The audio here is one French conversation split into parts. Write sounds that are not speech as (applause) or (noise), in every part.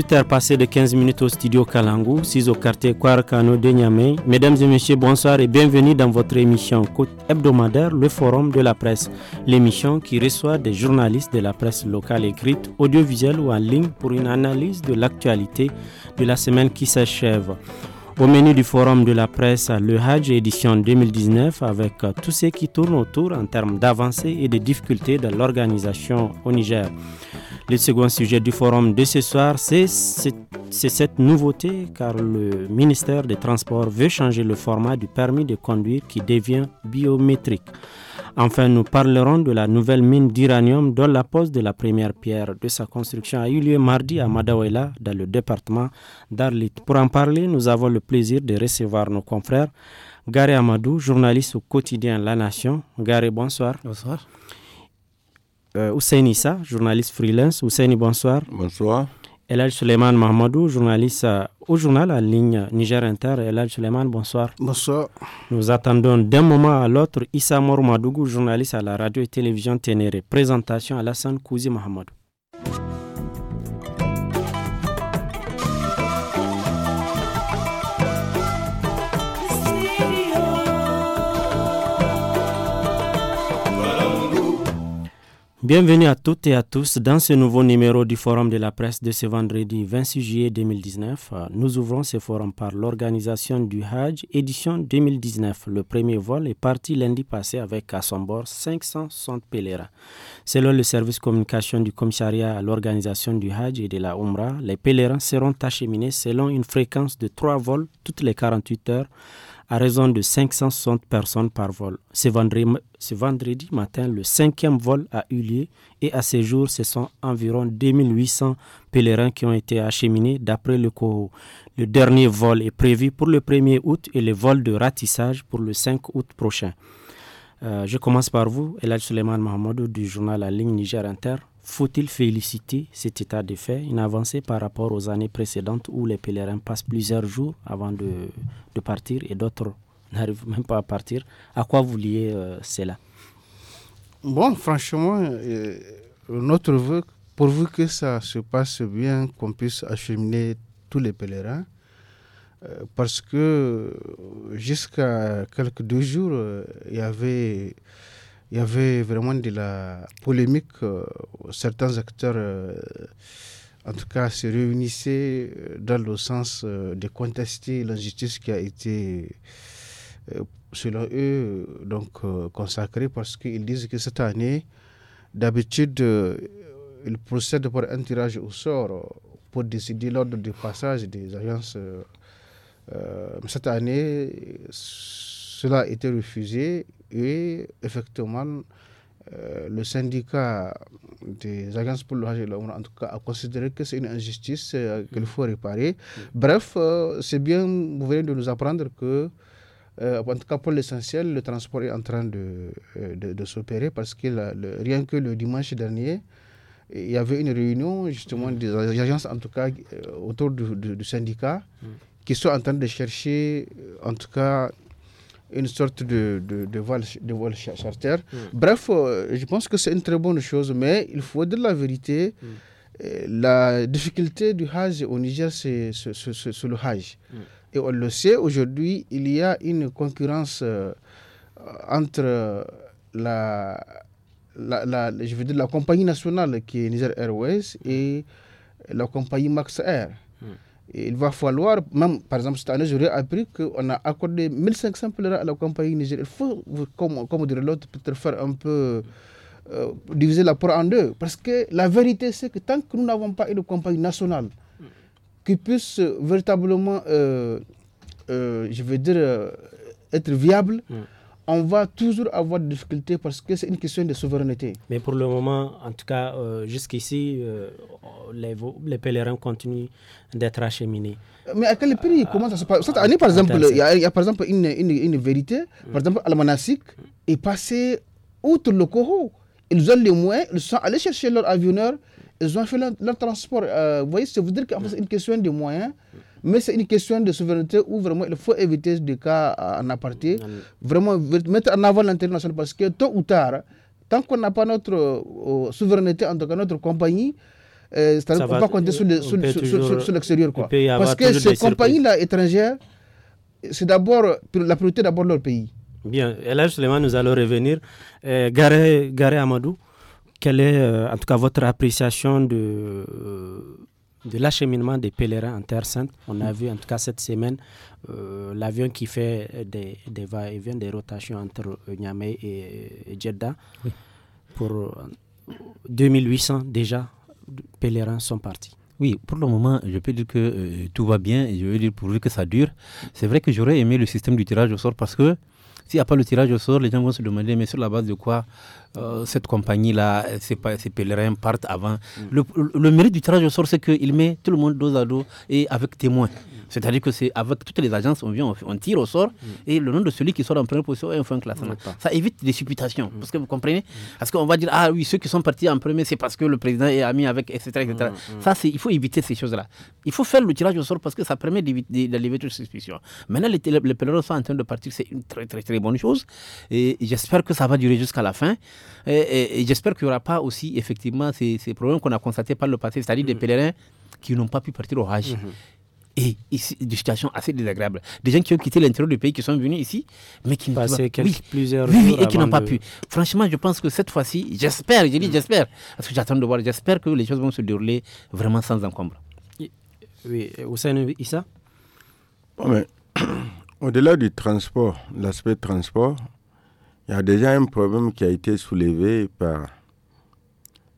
18h passé de 15 minutes au studio Kalangu, 6 au quartier Kwarakano de Niamey. Mesdames et messieurs, bonsoir et bienvenue dans votre émission Côte hebdomadaire, le forum de la presse. L'émission qui reçoit des journalistes de la presse locale écrite, audiovisuelle ou en ligne pour une analyse de l'actualité de la semaine qui s'achève. Au menu du forum de la presse, le Hajj édition 2019 avec tout ce qui tourne autour en termes d'avancées et de difficultés de l'organisation au Niger. Le second sujet du forum de ce soir, c'est cette nouveauté car le ministère des Transports veut changer le format du permis de conduire qui devient biométrique. Enfin, nous parlerons de la nouvelle mine d'uranium dont la pose de la première pierre de sa construction a eu lieu mardi à Madawela, dans le département d'Arlit. Pour en parler, nous avons le plaisir de recevoir nos confrères Gary Amadou, journaliste au quotidien La Nation. Gary, bonsoir. Bonsoir. Euh, Sa, journaliste freelance. Ousseini, bonsoir. Bonsoir. Elal Suleiman Mahmoudou, journaliste au journal en ligne Niger Inter. Elal Suleiman, bonsoir. Bonsoir. Nous attendons d'un moment à l'autre Issa Madougou, journaliste à la radio et télévision Ténéré. Présentation à Alassane Kouzi Mahmoudou. Bienvenue à toutes et à tous dans ce nouveau numéro du Forum de la presse de ce vendredi 26 juillet 2019. Nous ouvrons ce forum par l'organisation du Hajj édition 2019. Le premier vol est parti lundi passé avec à son bord 560 pèlerins. Selon le service communication du commissariat à l'organisation du Hajj et de la Umrah, les pèlerins seront acheminés selon une fréquence de 3 vols toutes les 48 heures à raison de 560 personnes par vol. Ce vendredi, matin, le cinquième vol a eu lieu et à ce jour, ce sont environ 2800 pèlerins qui ont été acheminés d'après le COHO. Le dernier vol est prévu pour le 1er août et le vol de ratissage pour le 5 août prochain. Euh, je commence par vous, Elad Suleiman Mahamadou du journal La Ligne Niger Inter. Faut-il féliciter cet état de fait, une avancée par rapport aux années précédentes où les pèlerins passent plusieurs jours avant de, partir et d'autres (laughs) n'arrivent même pas à partir À quoi vous liez euh, cela Bon, franchement, euh, notre vœu, pourvu que ça se passe bien, qu'on puisse acheminer tous les pèlerins, euh, parce que euh, jusqu'à quelques deux jours, euh, il y avait, il y avait vraiment de la polémique. Certains acteurs, en tout cas, se réunissaient dans le sens de contester l'injustice qui a été, selon eux, donc consacrée, parce qu'ils disent que cette année, d'habitude, ils procèdent par un tirage au sort pour décider l'ordre de passage des agences euh, cette année, cela a été refusé et effectivement, euh, le syndicat des agences pour le logement en tout cas, a considéré que c'est une injustice euh, qu'il faut réparer. Mm. Bref, c'est bien, vous de nous apprendre que, en tout cas pour l'essentiel, le transport est en train de, s'opérer parce que rien que le dimanche dernier, il y avait une réunion justement mm. des agences, en tout cas autour du, syndicat. Mm qui sont en train de chercher, euh, en tout cas, une sorte de, de, de vol de charter. Hmm. Bref, euh, je pense que c'est une très bonne chose, mais il faut dire la vérité. Hmm. Euh, la difficulté du Hajj au Niger, c'est le Hajj. Hmm. Et on le sait, aujourd'hui, il y a une concurrence entre la, la, je veux dire, la compagnie nationale qui est Niger Airways et la compagnie Max Air il va falloir, même par exemple cette année, j'aurais appris qu'on a accordé 1500 euros à la compagnie nigérienne. Il faut, comme, dirait l'autre, peut-être faire un peu euh, diviser la porte en deux. Parce que la vérité, c'est que tant que nous n'avons pas une compagnie nationale qui puisse véritablement, euh, euh, je veux dire, être viable, mm on va toujours avoir des difficultés parce que c'est une question de souveraineté. Mais pour le moment, en tout cas, euh, jusqu'ici, euh, les, pèlerins continuent d'être acheminés. Mais à quel prix euh, Comment ça se Cette année, par exemple, il y, a, par exemple une, vérité. Mm. Par exemple, Al-Manasik est passé outre le Coro. Ils ont les moyens, ils sont allés chercher leur avionneur, ils ont fait leur, transport. Euh, vous voyez, ça veut dire qu'en fait c'est une question de moyens. Mais c'est une question de souveraineté où vraiment il faut éviter des cas euh, en aparté. Vraiment mettre en avant l'international parce que tôt ou tard, tant qu'on n'a pas notre euh, euh, souveraineté, en tout cas notre compagnie, euh, cest à pas compter sur l'extérieur. parce que ces compagnies-là étrangères, c'est d'abord la priorité d'abord leur pays. Bien, et là justement nous allons revenir. Euh, Garé, Amadou, quelle est en tout cas votre appréciation de, de l'acheminement des pèlerins en Terre Sainte. On a mm. vu en tout cas cette semaine euh, l'avion qui fait des, des va-et-vient, des rotations entre euh, Niamey et, Djedda. Pour 2800 euh, déjà, pèlerins sont partis. Oui, pour le moment, je peux dire que tout va bien je veux dire pourvu que ça dure. C'est vrai que j'aurais aimé le système du tirage au sort parce que s'il n'y a pas le tirage au sort, les gens vont se demander mais sur la base de quoi euh, cette compagnie-là, ces, pèlerins partent avant. Le, mérite du tirage au sort, c'est qu'il met tout le monde dos à dos et avec témoins. C'est-à-dire que c'est avec toutes les agences, on vient, on tire au sort mm. et le nom de celui qui sort en première position est un fin classement. Ça évite des supputations. Mm. Parce que vous comprenez Parce qu'on va dire, ah oui, ceux qui sont partis en premier, c'est parce que le président est ami avec, etc. Mm, ça, il faut éviter ces choses-là. Il faut faire le tirage au sort parce que ça permet d'élever toute suspicion. Maintenant, les, les, pèlerins sont en train de partir, c'est une très, très, très bonne chose. Et j'espère que ça va durer jusqu'à la fin. Et, j'espère qu'il n'y aura pas aussi effectivement ces, problèmes qu'on a constatés par le passé, c'est-à-dire des mhm. pèlerins qui n'ont pas pu partir au Hajj. Mhm. Et, des situations assez désagréables. Des gens qui ont quitté l'intérieur du pays, qui sont venus ici, mais qui n'ont pas pu. plusieurs oui, oui, et qui n'ont pas pu. Franchement, je pense que cette fois-ci, j'espère, j'ai dit mhm. j'espère, parce que j'attends de voir, j'espère que les choses vont se dérouler vraiment sans encombre. Oui, Hussein Issa (clears throat) Au-delà du transport, l'aspect transport, il y a déjà un problème qui a été soulevé par,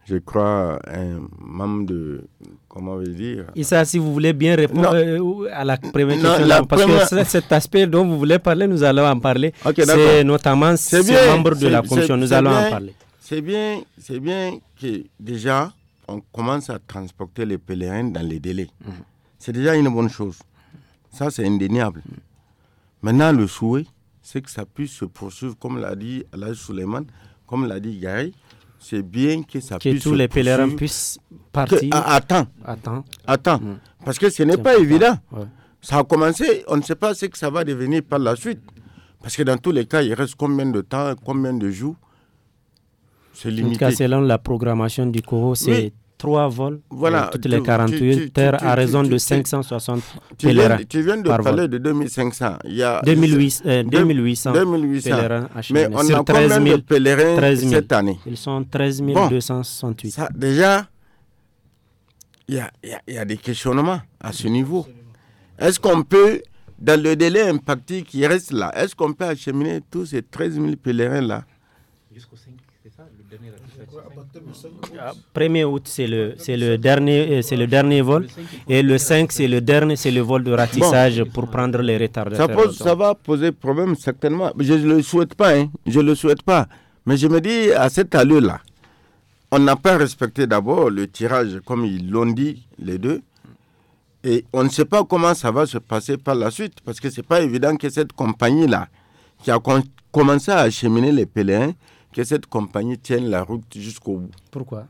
je crois, un membre de. Comment on dire Et ça, si vous voulez bien répondre euh, à la première parce que cet aspect dont vous voulez parler, nous allons en parler. c'est notamment ces membre membres de la commission, nous allons en parler. C'est bien, c'est bien que déjà, on commence à transporter les pèlerins dans les délais. Mhm. C'est déjà une bonne chose. Ça, c'est indéniable. Maintenant, le souhait, c'est que ça puisse se poursuivre, comme l'a dit Alaj Suleiman, comme l'a dit Gaï, c'est bien que ça que tous les pèlerins puissent partir. Que, ah, attends. Attends. attends. Mm. Parce que ce n'est pas évident. Ça a commencé, on ne sait pas ce que ça va devenir par la suite. Parce que dans tous les cas, il reste combien de temps, combien de jours C'est limité. En tout cas, selon la programmation du COHO, c'est 3 vols voilà, euh, toutes les 48 terres à raison de 560 tu pèlerins. Viens, tu viens de parler de 2500. Il y a 2800, euh, pèlerins acheminés Mais on a 13 cette année Ils sont 13 268. déjà, il y a, des questionnements à ce niveau. Est-ce qu'on peut, dans le délai imparti qui reste là, est-ce qu'on peut acheminer tous ces 13 000 pèlerins-là Jusqu'au 5, c'est ça, le dernier 1er août, c'est le, c'est le, dernier, euh, c'est le dernier vol. Et le 5, c'est le dernier, c'est le vol de ratissage pour prendre les retardataires. Ça, va poser problème, certainement. Je ne le souhaite pas, hein. je le souhaite pas. Mais je me dis, à cette allure-là, on n'a pas respecté d'abord le tirage, comme ils l'ont dit, les deux. Et on ne sait pas comment ça va se passer par la suite, parce que ce n'est pas évident que cette compagnie-là, qui a commencé à acheminer les PL1 que cette compagnie tienne la route jusqu'au bout. Pourquoi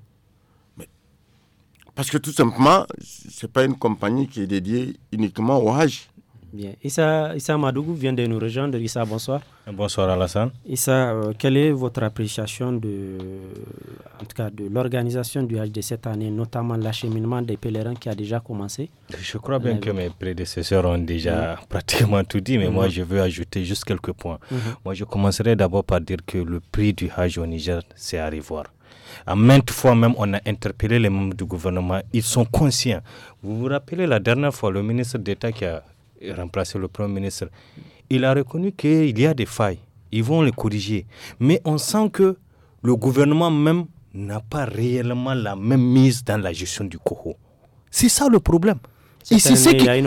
Parce que tout simplement, ce n'est pas une compagnie qui est dédiée uniquement au Hajj. Bien. Issa, Issa Madougou vient de nous rejoindre. Issa, bonsoir. Bonsoir Alassane. Issa, euh, quelle est votre appréciation de, euh, en tout cas de l'organisation du HD de cette année, notamment l'acheminement des pèlerins qui a déjà commencé Je crois bien euh, que mes prédécesseurs ont déjà (laughs) pratiquement tout dit, mais moi mhm. je veux ajouter juste quelques points. Mhm. Moi je commencerai d'abord par dire que le prix du Hajj au Niger, c'est à revoir. À maintes fois même, on a interpellé les membres du gouvernement. Ils sont conscients. Vous vous rappelez la dernière fois, le ministre d'État qui a remplacer le Premier ministre. Il a reconnu qu'il y a des failles. Ils vont les corriger. Mais on sent que le gouvernement même n'a pas réellement la même mise dans la gestion du coho. C'est ça le problème. Il c'est a une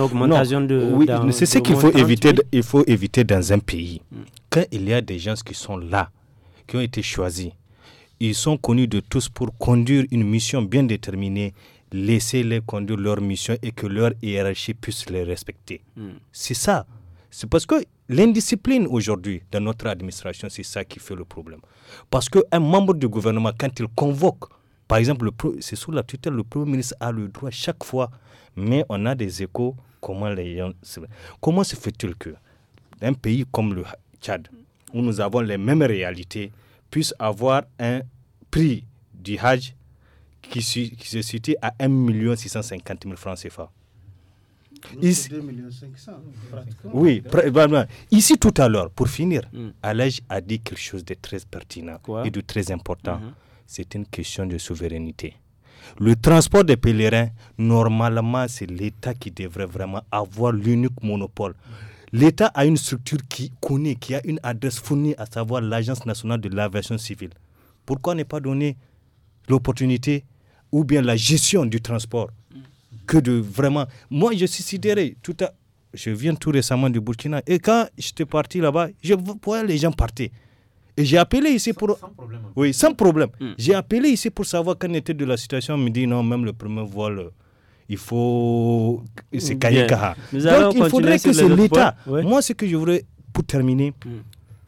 c'est ce qu'il faut éviter. Il faut éviter dans un pays. Mm. Quand il y a des gens qui sont là, qui ont été choisis, ils sont connus de tous pour conduire une mission bien déterminée. Laissez-les conduire leur mission et que leur hiérarchie puisse les respecter. Hmm. C'est ça. C'est parce que l'indiscipline aujourd'hui dans notre administration, c'est ça qui fait le problème. Parce qu'un membre du gouvernement, quand il convoque, par exemple, c'est sous la tutelle, le Premier ministre a le droit chaque fois, mais on a des échos. Comment, les comment se fait-il que un pays comme le Tchad, où nous avons les mêmes réalités, puisse avoir un prix du Hajj qui, se situe à 1 650 francs CFA. Ici, 2 oui, ici tout à l'heure, pour finir, mm. Alej a dit quelque chose de très pertinent Quoi? et de très important. Mm-hmm. C'est une question de souveraineté. Le transport des pèlerins, normalement, c'est l'État qui devrait vraiment avoir l'unique monopole l'État a une structure qui connaît, qui a une adresse fournie, à savoir l'Agence nationale de l'aviation civile. Pourquoi ne pas donner l'opportunité ou bien la gestion du transport que de vraiment. Moi, je suis sidéré. Tout à... Je viens tout récemment du Burkina et quand j'étais parti là-bas, je voyais les gens partir. Et j'ai appelé ici pour. Sans problème. Hein. Oui, sans problème. Hmm. J'ai appelé ici pour savoir qu'en était de la situation. On me dit non, même le premier vol euh, il faut. C'est Kayekaha. Donc il faudrait que c'est l'État. Moi, ce que je voudrais, pour terminer, mm.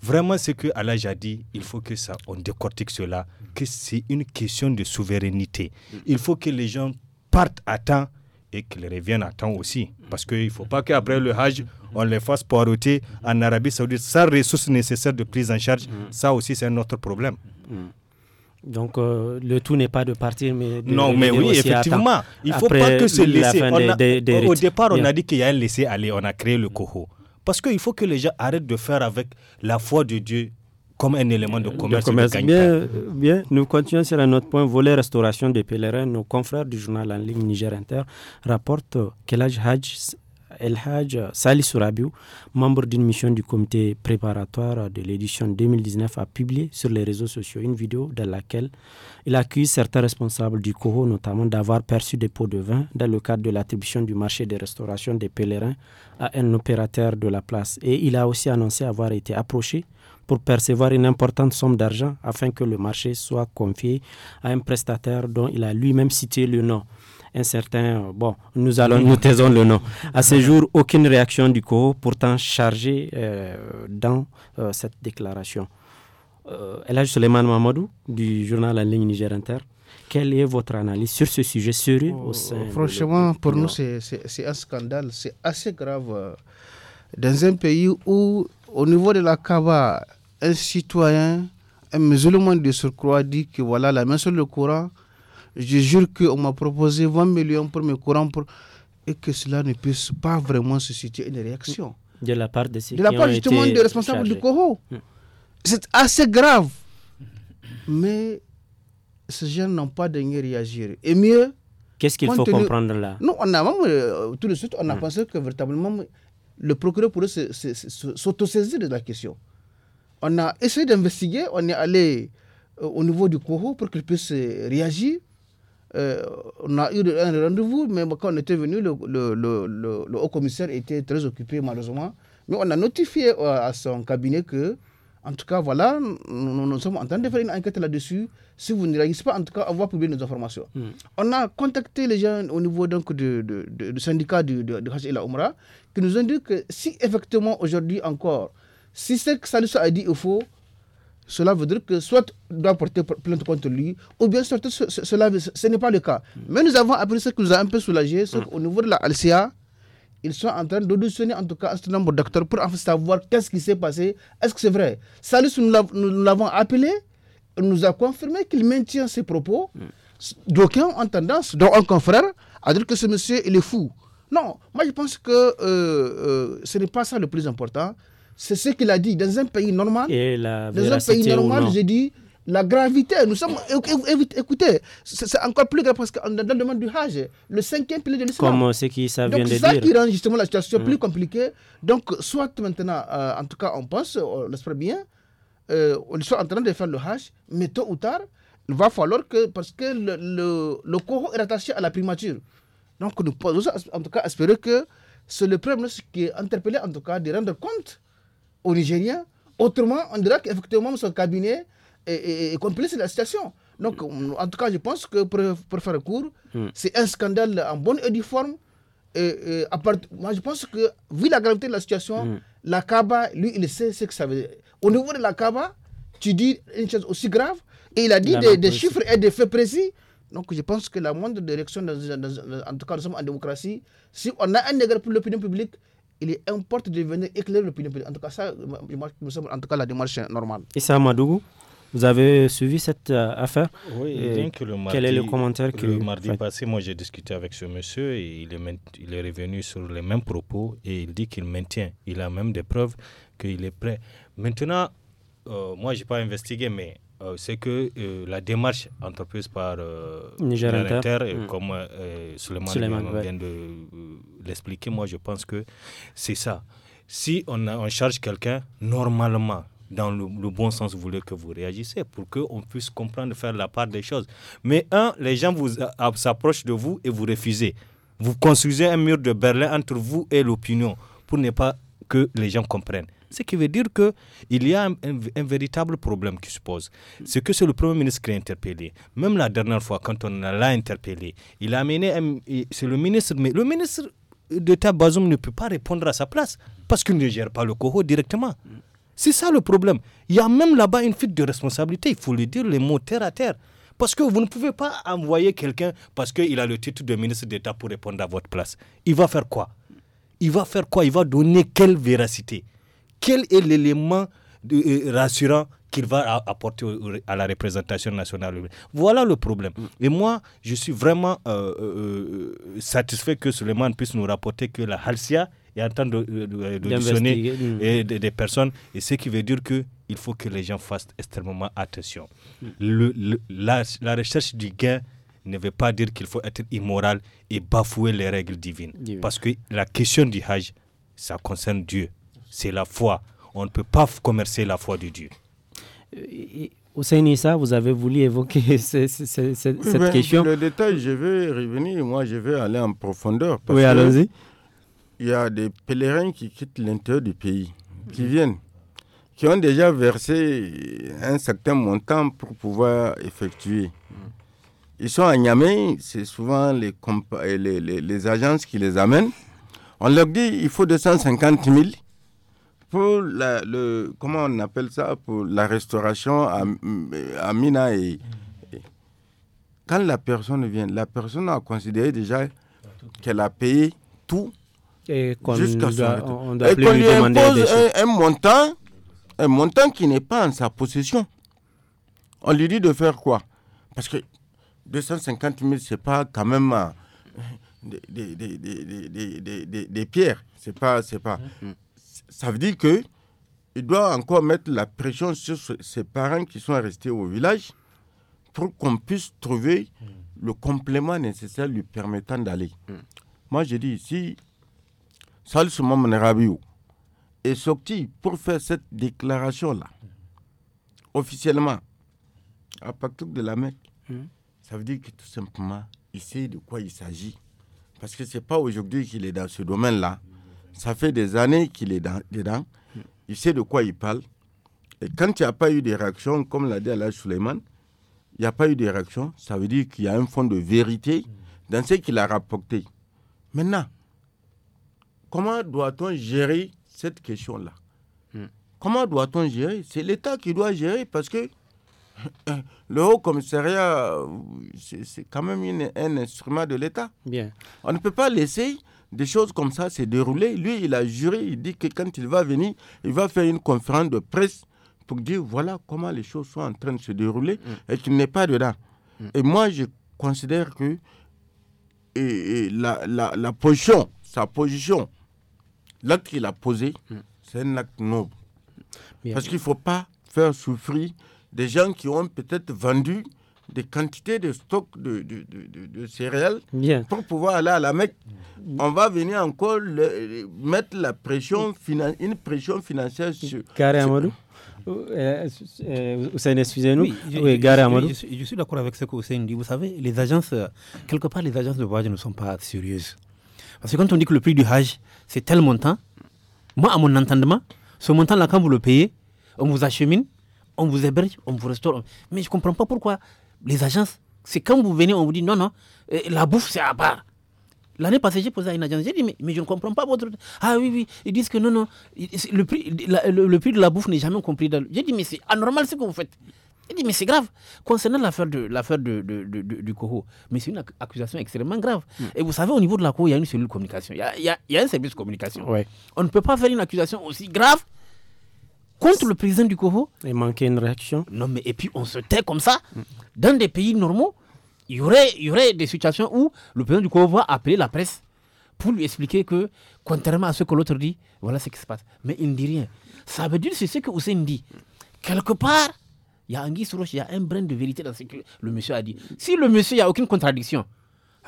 vraiment ce que Allah a dit, il faut que ça, on décortique cela, que c'est une question de souveraineté. Mm. Il faut que les gens partent à temps et qu'ils reviennent à temps aussi. Parce qu'il ne faut pas qu'après le Hajj, mm. on les fasse poireauter en Arabie Saoudite sans ressources nécessaires de prise en charge. Ça aussi, c'est un autre problème. Donc euh, le tout n'est pas de partir, mais de, non, mais oui, effectivement, il faut pas que ce laisser. au départ, on a dit qu'il y a un laisser aller, on a créé le coho, parce qu'il faut que les gens arrêtent de faire avec la foi de Dieu comme un élément de commerce. bien, bien, nous continuons sur notre point volet restauration des pèlerins. Nos confrères du journal en ligne Niger Inter rapportent que l'âge Hajj El Haj Sali Sourabiou, membre d'une mission du comité préparatoire de l'édition 2019, a publié sur les réseaux sociaux une vidéo dans laquelle il accuse certains responsables du COHO, notamment d'avoir perçu des pots de vin dans le cadre de l'attribution du marché de restauration des pèlerins à un opérateur de la place. Et il a aussi annoncé avoir été approché pour percevoir une importante somme d'argent afin que le marché soit confié à un prestataire dont il a lui-même cité le nom un certain, euh, bon, nous allons, nous taisons le nom. À ce jour, aucune réaction du COO, pourtant chargée euh, dans euh, cette déclaration. Euh, le Suleiman Mamadou, du journal en ligne Niger Inter, quelle est votre analyse sur ce sujet sérieux au sein Franchement, pour nous, c'est un scandale, c'est assez grave. Dans un pays où, au niveau de la Kaaba, un citoyen, un musulman de surcroît dit que voilà, la main sur le courant, je jure qu'on m'a proposé 20 millions pour me pour et que cela ne puisse pas vraiment susciter une réaction. De la part de ceux De la part justement des responsables du COHO. Hmm. C'est assez grave. Mais ces gens n'ont pas daigné réagir. Et mieux. Qu'est-ce qu'il faut comprendre là Non, on euh, tout de suite, on a hmm. pensé que véritablement le procureur pourrait s'autosaisir de la question. On a essayé d'investiguer, on est allé euh, au niveau du COHO pour qu'il puisse euh, réagir. Euh, on a eu un rendez-vous, mais quand on était venu, le, haut-commissaire était très occupé, malheureusement. Mais on a notifié euh, à son cabinet que, en tout cas, voilà, nous, sommes en train de faire une enquête là-dessus. Si vous ne réagissez pas, en tout cas, avoir publié nos informations. Hmm. On a contacté les gens au niveau donc, du, de, syndicat de, haché Omra, qui nous ont dit que si effectivement aujourd'hui encore, si c'est que nous a dit est faux, cela veut dire que soit doit porter plainte contre lui, ou bien ce, cela, ce n'est pas le cas. Hmm. Mais nous avons appris ce qui nous a un peu soulagé, c'est hmm. qu'au niveau de la Alcia, ils sont en train d'auditionner en tout cas un certain nombre d'acteurs pour savoir qu'est-ce qui s'est passé, est-ce que c'est vrai. Salut, nous l'avons appelé, il nous a confirmé qu'il maintient ses propos. Hmm. D'aucuns ont tendance, dont un confrère, à dire que ce monsieur, il est fou. Non, moi je pense que euh, euh, ce n'est pas ça le plus important. C'est ce qu'il a dit. Dans un pays normal, Et dans un pays normal, j'ai dit la gravité. Nous sommes. Écoutez, c'est encore plus grave parce qu'on dans le du Hajj, le cinquième pilier de l'islam. Comme ce qui ça vient Donc, ça qui rend justement la situation mm. plus compliquée. Donc, soit maintenant, euh, en tout cas, on pense, on espère bien, euh, on est en train de faire le Hajj, mais tôt ou tard, il va falloir que. Parce que le, le, le est attaché à la primature. Donc, nous en tout cas espérer que c'est le premier qui est interpellé, en tout cas, de rendre compte au Nigérien. Autrement, on dirait qu'effectivement, son cabinet est, complice de la situation. Donc, en tout cas, je pense que pour, faire court, hmm. c'est un scandale en bonne et due forme. Et, à moi, je pense que, vu la gravité de la situation, hmm. la CABA, lui, il sait ce que ça veut dire. Au niveau de la CABA, tu dis une chose aussi grave, et il a dit des, chiffres et des faits précis. Donc, je pense que la moindre direction, en tout cas, nous sommes en démocratie. Si on a un dégât pour l'opinion publique, il importe de venir éclairer l'opinion publique. En tout cas, ça me semble en tout cas la démarche normale. Et ça, Madougou, vous avez suivi cette euh, affaire Oui, que le mardi, quel est le commentaire que le mardi passé, moi j'ai discuté avec ce monsieur et il est, il est revenu sur les mêmes propos et il dit qu'il maintient. Il a même des preuves qu'il est prêt. Maintenant, euh, moi je n'ai pas investigué, mais euh, c'est que euh, la démarche entreprise par euh, Niger Inter, mm. comme Suleiman, vient de l'expliquer, moi je pense que c'est ça. Si on, a, charge quelqu'un, normalement, dans le, bon sens, vous voulez que vous réagissez pour qu'on puisse comprendre, faire la part des choses. Mais un, les gens vous s'approchent de vous et vous refusez. Vous construisez un mur de Berlin entre vous et l'opinion pour ne pas que les gens comprennent. Ce qui veut dire qu'il y a un, véritable problème qui se pose. C'est que c'est le Premier ministre qui est interpellé. Même la dernière fois, quand on l'a interpellé, il a amené. C'est le ministre. Mais le ministre d'État Bazoum ne peut pas répondre à sa place parce qu'il ne gère pas le coho directement. C'est ça le problème. Il y a même là-bas une fuite de responsabilité. Il faut lui dire, les mots terre à terre. Parce que vous ne pouvez pas envoyer quelqu'un parce qu'il a le titre de ministre d'État pour répondre à votre place. Il va faire quoi Il va faire quoi Il va donner quelle véracité quel est l'élément euh, euh, rassurant qu'il va apporter à la représentation nationale. Voilà le problème. Et moi, je suis vraiment euh, satisfait que Suleiman puisse nous rapporter que la Halcia est en train de, hmm. de, des, personnes, et ce qui veut dire que il faut que les gens fassent extrêmement attention. la, recherche du gain ne veut pas dire qu'il faut être immoral et bafouer les règles divines. Parce que la question du Hajj, ça concerne Dieu c'est la foi. On ne peut pas commercer la foi de Dieu. Euh, Hussein Issa, vous avez voulu évoquer (laughs) cette question. question. Le détail, je vais revenir. Moi, je vais aller en profondeur. Parce oui, allons-y. Il y a des pèlerins qui quittent l'intérieur du pays, qui viennent, qui ont déjà versé un certain montant pour pouvoir effectuer. Ils sont à Niamey, c'est souvent les, les, agences qui les amènent. On leur dit il faut 250 000 pour la, le, comment on appelle ça, pour la restauration à, mm. Mina et, quand la personne vient, la personne a considéré déjà qu'elle a payé tout et qu'on lui, impose un, montant, un montant qui n'est pas en sa possession. On lui dit de faire quoi Parce que 250 000, c'est pas quand même euh, des, pierres. C'est pas, c'est pas. Mm-hmm ça veut dire que il doit encore mettre la pression sur ses parents qui sont restés au village pour qu'on puisse trouver le complément nécessaire lui permettant d'aller. Mm. Moi, je dis ici, Salisu Rabio est sorti pour faire cette déclaration-là, officiellement, à partir de la Mecque. Mm. Ça veut dire que tout simplement, il sait de quoi il s'agit. Parce que ce n'est pas aujourd'hui qu'il est dans ce domaine-là. Ça fait des années qu'il est dedans. Il sait de quoi il parle. Et quand il n'y a pas eu de réaction, comme l'a dit Alain Suleiman, il n'y a pas eu de réaction, ça veut dire qu'il y a un fond de vérité dans ce qu'il a rapporté. Maintenant, comment doit-on gérer cette question-là Comment doit-on gérer C'est l'État qui doit gérer parce que le Haut Commissariat, c'est quand même un instrument de l'État. On ne peut pas laisser des choses comme ça s'est déroulé. Lui, il a juré, il dit que quand il va venir, il va faire une conférence de presse pour dire voilà comment les choses sont en train de se dérouler mm. et qu'il n'est pas dedans. Mm. Et moi, je considère que la, position, sa position, l'acte qu'il a posé, mm. c'est un acte noble. Parce qu'il ne faut pas faire souffrir des gens qui ont peut-être vendu des quantités de stocks de, céréales pour pouvoir aller à la Mecque. On va venir encore mettre la pression une pression financière sur. Carré Amadou euh, euh, euh, excusez-nous. Oui, je, je, suis d'accord avec ce que dit. Vous savez, les agences, quelque part, les agences de voyage ne sont pas sérieuses. Parce que quand on dit que le prix du Hajj, c'est tel montant, moi, à mon entendement, ce montant-là, quand vous le payez, on vous achemine, on vous héberge, on vous restaure. Mais je ne comprends pas pourquoi les agences, c'est quand vous venez, on vous dit non, non, euh, la bouffe, c'est à part. L'année passée, j'ai posé à une agence, j'ai dit, mais, je ne comprends pas votre. Ah oui, oui, ils disent que non, non, le prix, de la bouffe n'est jamais compris. J'ai dit, mais c'est anormal ce que vous faites. J'ai dit, mais c'est grave. Concernant l'affaire de, l'affaire de, du Coho, mais c'est une accusation extrêmement grave. Mm. Et vous savez, au niveau de la cour il y a une cellule de communication, il y a, un service de communication. On ne peut pas faire une accusation aussi grave contre le président du Congo. Il manquait une réaction. Non, mais et puis on se tait comme ça. Dans des pays normaux, il y aurait, y aurait des situations où le président du Congo va appeler la presse pour lui expliquer que, contrairement à ce que l'autre dit, voilà ce qui se passe. Mais il ne dit rien. Ça veut dire, c'est ce que Hussein dit. Quelque part, il y a il y a un brin de vérité dans ce que le monsieur a dit. Si le monsieur, il n'y a aucune contradiction,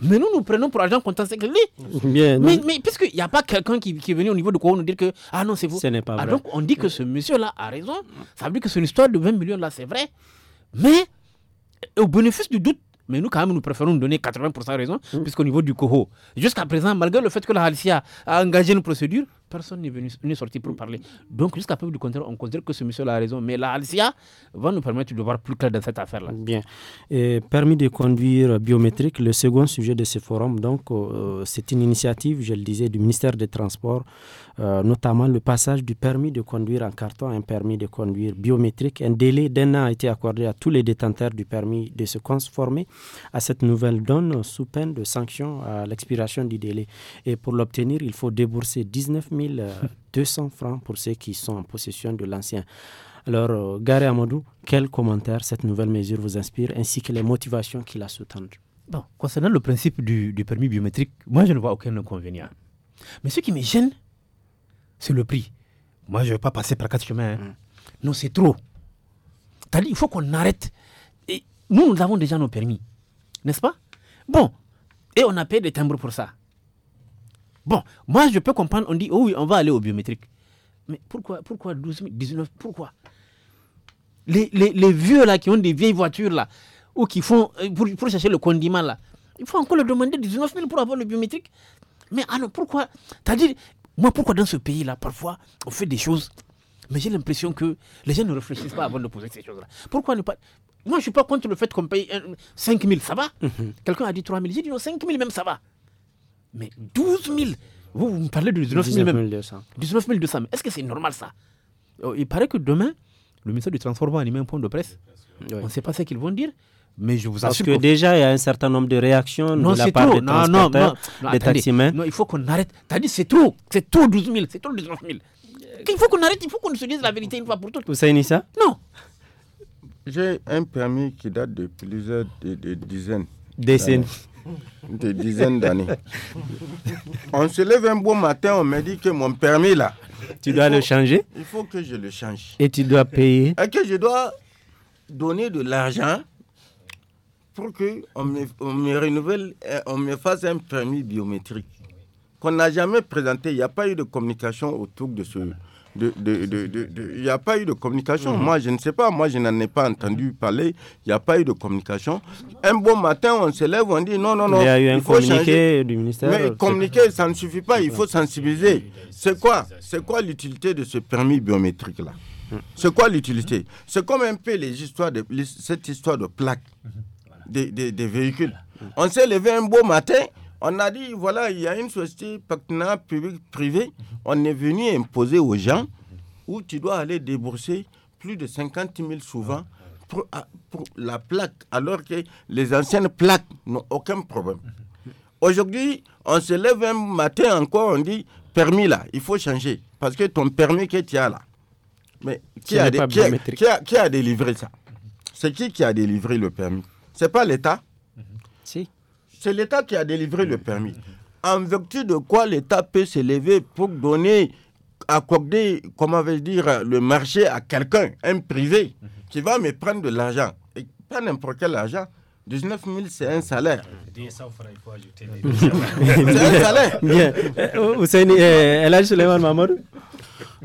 mais nous, nous prenons pour argent comptant c'est lui. Bien, mais, mais puisqu'il n'y a pas quelqu'un qui, est venu au niveau du Coho nous dire que Ah non, c'est vous. Ce n'est pas ah, vrai. donc on dit que ce monsieur-là a raison. Ça veut dire que c'est une histoire de 20 millions là, c'est vrai. Mais euh, au bénéfice du doute, mais nous, quand même, nous préférons donner 80% raison, mmh. puisqu'au niveau du COHO, jusqu'à présent, malgré le fait que la Halicia a engagé une procédure, personne n'est venu, sorti pour parler. Donc, jusqu'à preuve du contraire, on considère que ce monsieur a raison. Mais la Alcia va nous permettre de voir plus clair dans cette affaire-là. Bien. Et permis de conduire biométrique, le second sujet de ce forum, donc, euh, c'est une initiative, je le disais, du ministère des Transports, euh, notamment le passage du permis de conduire en carton à un permis de conduire biométrique. Un délai d'un an a été accordé à tous les détenteurs du permis de se conformer à cette nouvelle donne sous peine de sanctions à l'expiration du délai. Et pour l'obtenir, il faut débourser 19 000 200 francs pour ceux qui sont en possession de l'ancien. Alors, euh, Gary Amadou, quel commentaire cette nouvelle mesure vous inspire ainsi que les motivations qui la sous-tendent bon, Concernant le principe du, permis biométrique, moi je ne vois aucun inconvénient. Mais ce qui me gêne, c'est le prix. Moi je ne vais pas passer par quatre chemins. Hein. Hum. Non, c'est trop. il faut qu'on arrête. Et nous, nous avons déjà nos permis, n'est-ce pas Bon, et on a payé des timbres pour ça. Bon, moi, je peux comprendre, on dit, oh oui, on va aller au biométrique. Mais pourquoi, pourquoi 12 000, 19 Pourquoi les, vieux là qui ont des vieilles voitures là, ou qui font, euh, pour, chercher le condiment là, il faut encore leur demander 19 000 pour avoir le biométrique. Mais alors pourquoi C'est-à-dire, moi pourquoi dans ce pays-là, parfois, on fait des choses, mais j'ai l'impression que les gens ne réfléchissent pas avant de poser ces choses-là. Pourquoi ne pas Moi je ne suis pas contre le fait qu'on paye 5 000, ça va mhm. Quelqu'un a dit 3 000, j'ai dit non, 5 000 même ça va. Mais 12 000 Vous, me parlez de 19 000 même. 19 200. Est-ce que c'est normal ça euh, Il paraît que demain, le ministère du Transport va animer un point de presse. On ne sait pas ce qu'ils vont dire. Mais je vous Parce que, déjà, il y a un certain nombre de réactions non, de la part des non, transporteurs, des taximens. Non, il faut qu'on arrête. T'as dit, c'est trop. C'est trop 12 000, c'est trop 19 000. Il faut qu'on arrête, il faut qu'on se dise la vérité une fois pour toutes. Vous savez ça Non. J'ai un permis qui date de plusieurs dizaines. Décennies des dizaines d'années. On se lève un beau matin, on me dit que mon permis là. Tu dois le changer Il faut que je le change. Et tu dois payer Et que je dois donner de l'argent pour qu'on me, on me renouvelle, euh, on me fasse un permis biométrique qu'on n'a jamais présenté. Il n'y a pas eu de communication autour de ce il n'y a pas eu de communication. Mhm. Moi, je ne sais pas. Moi, je n'en ai pas entendu parler. Il n'y a pas eu de communication. Un bon matin, on se lève, on dit non, non, non. Il y a eu un communiqué du ministère. Mais communiquer, ça ne suffit pas. Il faut sensibiliser. C'est quoi C'est quoi l'utilité de ce permis biométrique là mhm. C'est quoi l'utilité C'est comme un peu les de cette histoire de plaques mhm. des, véhicules. On s'est levé un beau matin. On a dit, voilà, il y a une société partenariat public-privé. On est venu imposer aux gens où tu dois aller débourser plus de 50 000 souvent pour, ah, pour la plaque, alors que les anciennes plaques n'ont aucun problème. Aujourd'hui, on se lève un matin encore, on dit, permis là, il faut changer. Parce que ton permis que tu as là, mais qui a, qui, a, délivré ça C'est qui qui a délivré le permis C'est pas l'État. Si c'est l'État qui a délivré le permis. En vertu de quoi l'État peut se lever pour donner, accorder, comment vais-je dire, le marché à quelqu'un, un privé, qui va me prendre de l'argent. Et pas n'importe quel argent. 19 000, c'est un salaire. c'est un salaire. Bien. (laughs)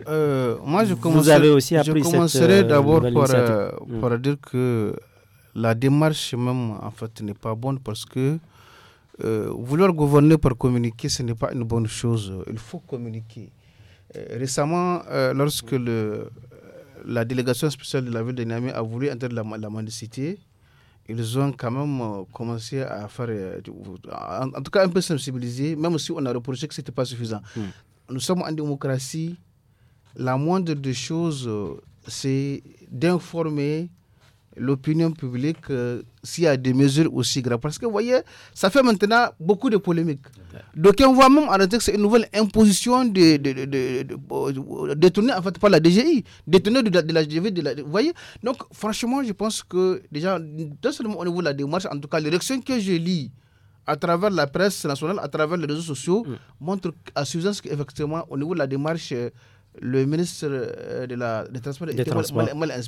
Euh, Mamadou euh, moi, je commencerai, Vous avez aussi je commencerai euh, d'abord par, euh, mm. dire que la démarche même, en fait, n'est pas bonne parce que euh, vouloir gouverner par communiquer, ce n'est pas une bonne chose. Il faut communiquer. Euh, récemment, euh, lorsque le, la délégation spéciale de la ville de Niamey a voulu entrer la, la cité, ils ont quand même commencé à faire, en, tout cas un peu sensibiliser, même si on a reproché que ce n'était pas suffisant. Hmm. Nous sommes en démocratie. La moindre des choses, c'est d'informer l'opinion publique euh, s'il y a des mesures aussi graves. Parce que vous voyez, ça fait maintenant beaucoup de polémiques. Donc on voit même en que c'est une nouvelle imposition de, de, de, de, en fait par la DGI, détourner de, la DGI. vous voyez Donc franchement, je pense que déjà, non seulement au niveau de la démarche, en tout cas, l'élection que je lis, à travers la presse nationale, à travers les réseaux sociaux, mm. montre à suffisance qu'effectivement, au niveau de la démarche, euh, le ministre euh, de la, des Transports était transports. Mal, mal,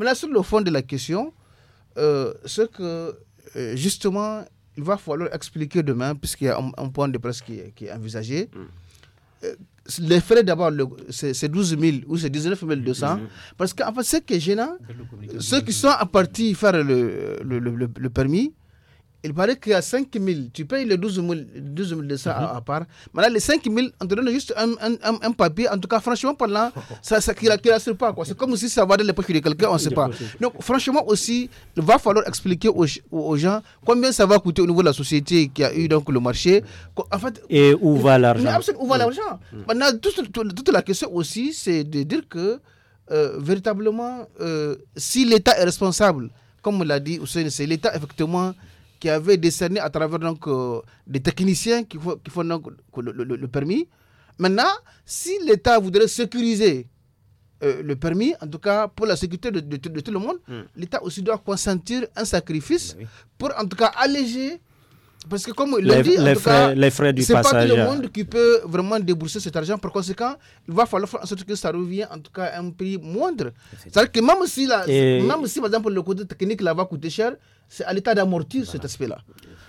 là sur le fond de la question, euh, ce que euh, justement, il va falloir expliquer demain, puisqu'il y a un, point de presse qui, qui est envisagé. Mm. les frais d'abord, le, c'est 12 000 ou c'est 19 200. Mm-hmm. Parce qu'en fait, ce qui est gênant, ceux qui sont à partir faire le, le, le permis, il paraît qu'il y a 5 000, tu payes les 12 000, de ça à, part. Maintenant, les 5 000, on te donne juste un, papier. En tout cas, franchement, parlant, (laughs) ça ne qui, pas. C'est comme si ça va dans les poches de quelqu'un, on ne sait pas. Donc, franchement, aussi, il va falloir expliquer aux, gens combien ça va coûter au niveau de la société qui a eu donc, le marché. En fait, Et où va l'argent Où va l'argent mm. Maintenant, toute, la question aussi, c'est de dire que, euh, véritablement, euh, si l'État est responsable, comme l'a dit Ousseine, c'est l'État, effectivement qui avait décerné à travers donc, euh, des techniciens qui, qui font donc, le, permis. Maintenant, si l'État voudrait sécuriser euh, le permis, en tout cas pour la sécurité de, de, tout le monde, hmm. l'État aussi doit consentir un sacrifice pour en tout cas alléger. Parce que comme il dit, en les, tout cas, les frais du passage. pas tout le monde qui peut vraiment débourser cet argent. Par conséquent, il va falloir faire en sorte que ça revienne en tout cas à un prix moindre. C'est-à-dire que même si, la, même si, par exemple, le côté technique là, va coûter cher, c'est à l'état d'amortir cet aspect-là.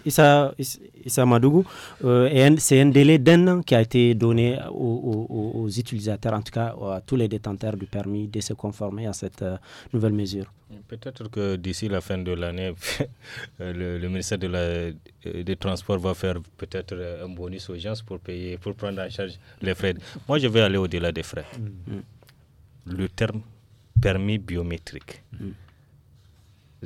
Issa, ça, Madougou, euh, c'est un délai d'un an qui a été donné aux, utilisateurs, en tout cas à tous les détenteurs du permis, de se conformer à cette euh, nouvelle mesure. Peut-être que d'ici la fin de l'année, (laughs) euh, le, ministère de la, des Transports va faire peut-être un bonus aux gens pour payer, pour prendre en charge les frais. Moi, je vais aller au-delà des frais. Mm. Mm. Le terme permis biométrique. Mm.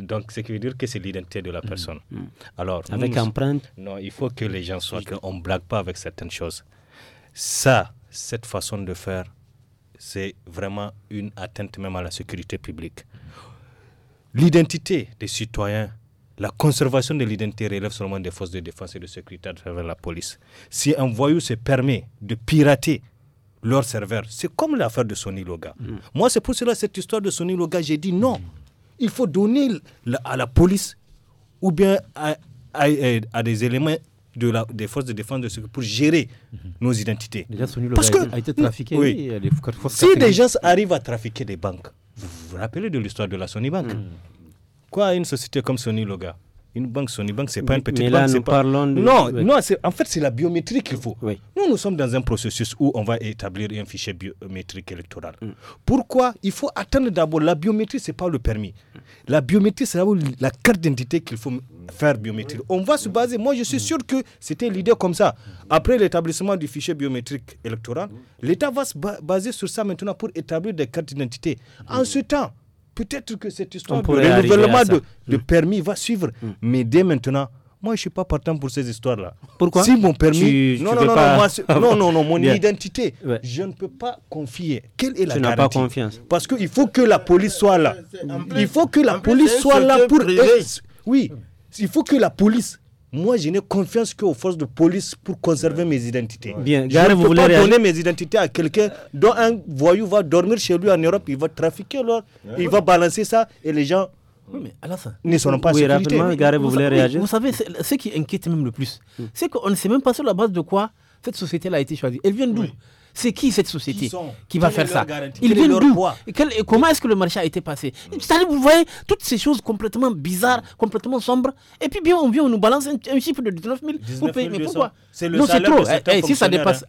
Donc, ce qui veut dire que c'est l'identité de la mm-hmm. personne. Mm-hmm. Alors, avec empreinte Non, il faut que les gens soient qu'on ne blague pas avec certaines choses. Ça, cette façon de faire, c'est vraiment une atteinte même à la sécurité publique. L'identité des citoyens, la conservation de l'identité relève seulement des forces de défense et de sécurité à travers la police. Si un voyou se permet de pirater leur serveur, c'est comme l'affaire de Sonny Loga. Mm-hmm. Moi, c'est pour cela cette histoire de Sonny Loga, j'ai dit non il faut donner à la police ou bien à, des éléments de des forces de défense de pour gérer mhm. nos identités. Déjà, Parce que, a été trafiqué. si des gens arrivent à trafiquer des banques, vous vous rappelez de l'histoire de la Sony Bank mm. Quoi, une société comme Sony Loga une banque, son banque, c'est pas une petite mais là, banque. de... Non, en fait, c'est la biométrie qu'il faut. Nous, nous sommes dans un processus où on va établir un fichier biométrique électoral. Mm. Pourquoi Il faut attendre d'abord. La biométrie, c'est pas le permis. La biométrie, c'est la carte d'identité qu'il faut faire biométrique. On va se baser. Moi, je suis mm. sûr que c'était l'idée comme ça. Après l'établissement du fichier biométrique électoral, mm. l'État va se baser sur ça maintenant pour établir des cartes d'identité. En ce temps, Peut-être que cette histoire de renouvellement de, mm. permis va suivre. Mm. Mais dès maintenant, moi, je ne suis pas partant pour ces histoires-là. Pourquoi Si mon permis. non, non, non, non, non, mon (laughs) identité, je ne peux pas confier. Quelle est la tu pas confiance. Parce qu'il faut que la police soit là. il faut que la police soit là pour. Oui, il faut que la police moi, je n'ai confiance qu'aux forces de police pour conserver mes identités. Bien, je ne vous peux pas donner mes identités à quelqu'un dont un voyou va dormir chez lui en Europe, il va trafiquer l'or, il va balancer ça et les gens ne seront pas oui, rapidement, vous, voulez savez, réagir Vous savez, ce qui inquiète même le plus, hmm. c'est qu'on ne sait même pas sur la base de quoi cette société-là a été choisie. Elle vient d'où c'est qui cette société qui, va faire ça Ils viennent d'où Comment est-ce que le marché a été passé Vous voyez toutes ces choses complètement bizarres, complètement sombres. Et puis bien, on vient, on nous balance un, chiffre de 19 000. payer, mais pourquoi le Non, c'est trop. Hein. Eh, si ça dépasse,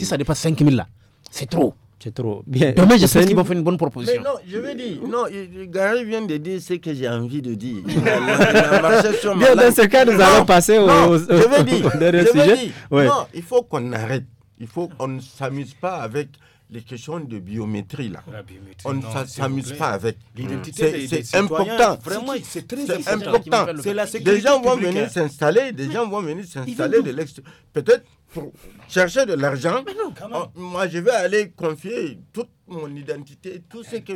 si ça hein. dépasse 5 000 là, c'est trop. C'est trop. Bien. Demain, je sais qu'ils vont faire une bonne proposition. Mais non, je veux dire, non, euh, euh, Gary vient de dire ce que j'ai envie de dire. dans ce cas, nous allons passer au, sujet. Non, il faut qu'on arrête. Il faut qu'on ne s'amuse pas avec les questions de biométrie là. on ne s'amuse pas avec. L'identité c'est important. c'est important. Des hein. gens vont venir s'installer, des gens vont venir s'installer de Peut-être pour chercher de l'argent. Oh, moi, je vais aller confier toute mon identité, tout ce que.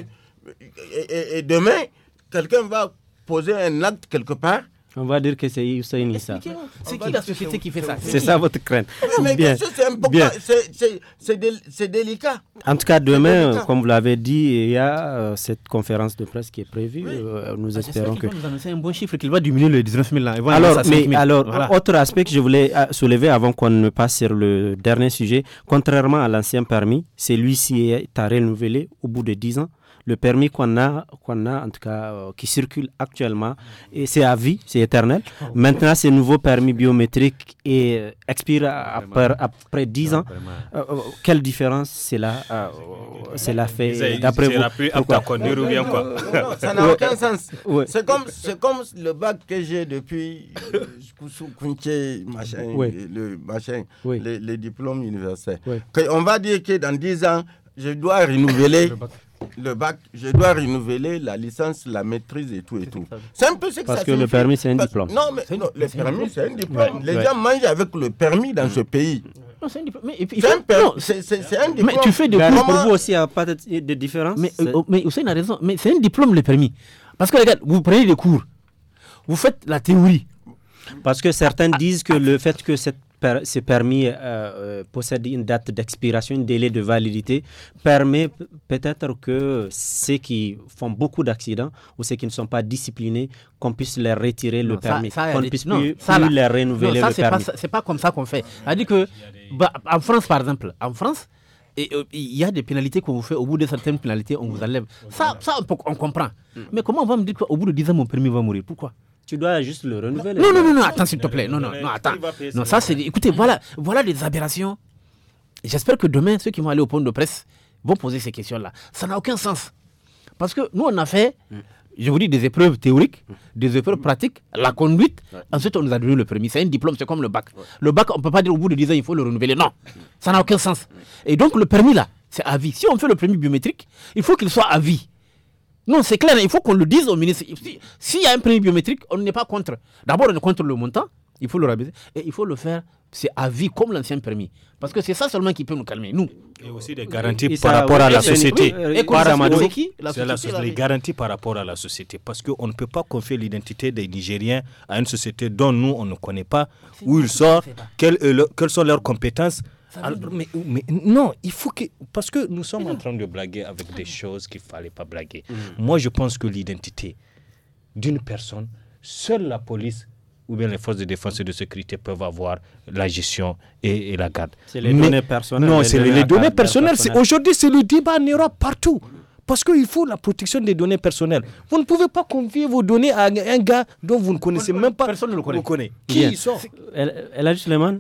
Et, et demain, quelqu'un va poser un acte quelque part. On va dire que c'est Youssef Nissa. C'est qui la société qui fait ça C'est ça votre crainte. (laughs) mais bien, c'est C'est délicat. En tout cas, demain, comme vous l'avez dit, il y a euh, cette conférence de presse qui est prévue. Euh, nous ah, espérons que. C'est un bon chiffre qu'il va diminuer le 19 000. Là. alors, alors autre aspect que je voulais euh, soulever avant qu'on ne passe sur le dernier sujet, contrairement à l'ancien permis, celui-ci est à renouveler au bout de 10 ans le permis qu'on a, qu'on a, en tout cas, euh, qui circule actuellement, et c'est à vie, c'est éternel. Maintenant, ces nouveaux permis biométriques expire euh, expirent après, 10 ans. Euh, quelle différence cela, cela fait d'après vous plus à ou bien quoi Ça n'a aucun sens. C'est comme, le bac que j'ai depuis (laughs) le, diplôme universitaire. les, diplômes universitaires. On va dire que dans 10 ans, je dois renouveler le bac, je dois renouveler la licence, la maîtrise et tout et tout. C'est un peu ce que Parce que le permis, c'est un diplôme. Non, mais non, le permis, c'est un diplôme. Les gens mangent avec le permis dans ce pays. Non, c'est un diplôme. Mais, un diplôme. Mais tu fais des cours pour vous aussi, il n'y a pas de, différence. Mais, oh, mais a raison. Mais c'est un diplôme, le permis. Parce que, regarde, vous prenez des cours, vous faites la théorie. Parce que certains disent que le fait que cette ce permis euh, euh, possède une date d'expiration, un délai de validité, permet peut-être que ceux qui font beaucoup d'accidents ou ceux qui ne sont pas disciplinés, qu'on puisse leur retirer le permis, qu'on puisse plus, renouveler ça, le permis. C'est pas comme ça qu'on fait. cest à que, bah, en France par exemple, en France, euh, il y a des pénalités qu'on vous fait, au bout de certaines pénalités, on vous enlève. Ça, ça on, comprend. Mm. Mais comment on va me dire qu'au bout de 10 ans, mon permis va mourir Pourquoi tu dois juste le renouveler. Non, non, non, attends, s'il te plaît. Non, non, non, attends. Non, ça, c'est. Écoutez, voilà, voilà des aberrations. J'espère que demain, ceux qui vont aller au point de presse vont poser ces questions-là. Ça n'a aucun sens. Parce que nous, on a fait, je vous dis, des épreuves théoriques, des épreuves pratiques, la conduite. Ensuite, on nous a donné le permis. C'est un diplôme, c'est comme le bac. Le bac, on ne peut pas dire au bout de 10 ans, il faut le renouveler. Non, ça n'a aucun sens. Et donc, le permis, là, c'est à vie. Si on fait le permis biométrique, il faut qu'il soit à vie. Non, c'est clair, hein, il faut qu'on le dise au ministre. S'il y a un permis biométrique, on n'est pas contre. D'abord, on est contre le montant, il faut le rabaisser, et il faut le faire, c'est à vie, comme l'ancien permis. Parce que c'est ça seulement qui peut nous calmer, nous. Et aussi des garanties par rapport à la société. et euh, par c'est la société. les garanties par rapport à la société. Parce qu'on ne peut pas confier l'identité des Nigériens à une société dont nous, on ne connaît pas, où ils sortent, quelles sont leurs compétences non, il faut que. Parce que nous sommes en train de blaguer avec des ah. choses qu'il ne fallait pas blaguer. Mm. Moi, je pense que l'identité d'une personne, seule la police ou bien les forces de défense et de sécurité peuvent avoir la gestion et, la garde. C'est les données personnelles. Non, c'est les, données personnelles. Aujourd'hui, c'est le débat en Europe partout. Parce qu'il faut la protection des données personnelles. Vous ne pouvez pas confier vos données à un gars dont vous ne connaissez même pas. Personne ne le connaît. Qui il sont Elle, elle a juste les mains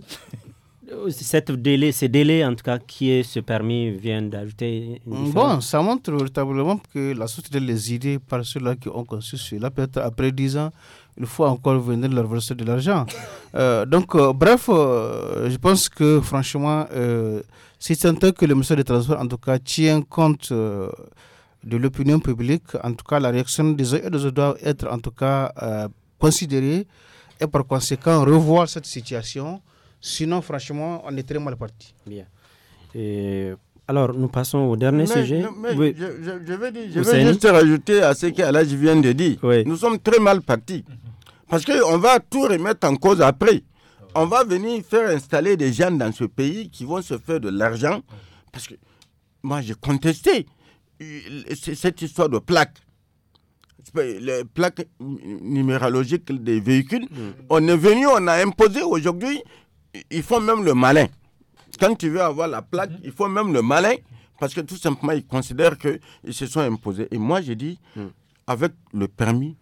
cette délai, ces délai en tout cas, qui est ce permis, vient d'ajouter. Bon, ça montre véritablement que la société, les idées par ceux-là qui ont conçu cela, peut-être après 10 ans, il faut encore venir leur verser de l'argent. (laughs) Euh, donc, euh, bref, euh, je pense que franchement, si c'est temps que le ministère des Transports, en tout cas, tient compte de l'opinion publique, en tout cas, la réaction des uns des autres doit être, en tout cas, considérée et par conséquent, revoir cette situation Sinon, franchement, on est très mal parti. Bien. alors, nous passons au dernier sujet. je, je, juste rajouter à ce je viens de dire. Nous sommes très mal partis. Parce qu'on va tout remettre en cause après. On va venir faire installer des gens dans ce pays qui vont se faire de l'argent. Parce que moi, j'ai contesté cette histoire de plaques. Les plaques numérologique des véhicules. Mm. On est venu, on a imposé aujourd'hui il faut même le malin. Quand tu veux avoir la plaque, mhm. il faut même le malin parce que tout simplement, ils considèrent qu'ils se sont imposés. Et moi, j'ai dit, mm. avec le permis,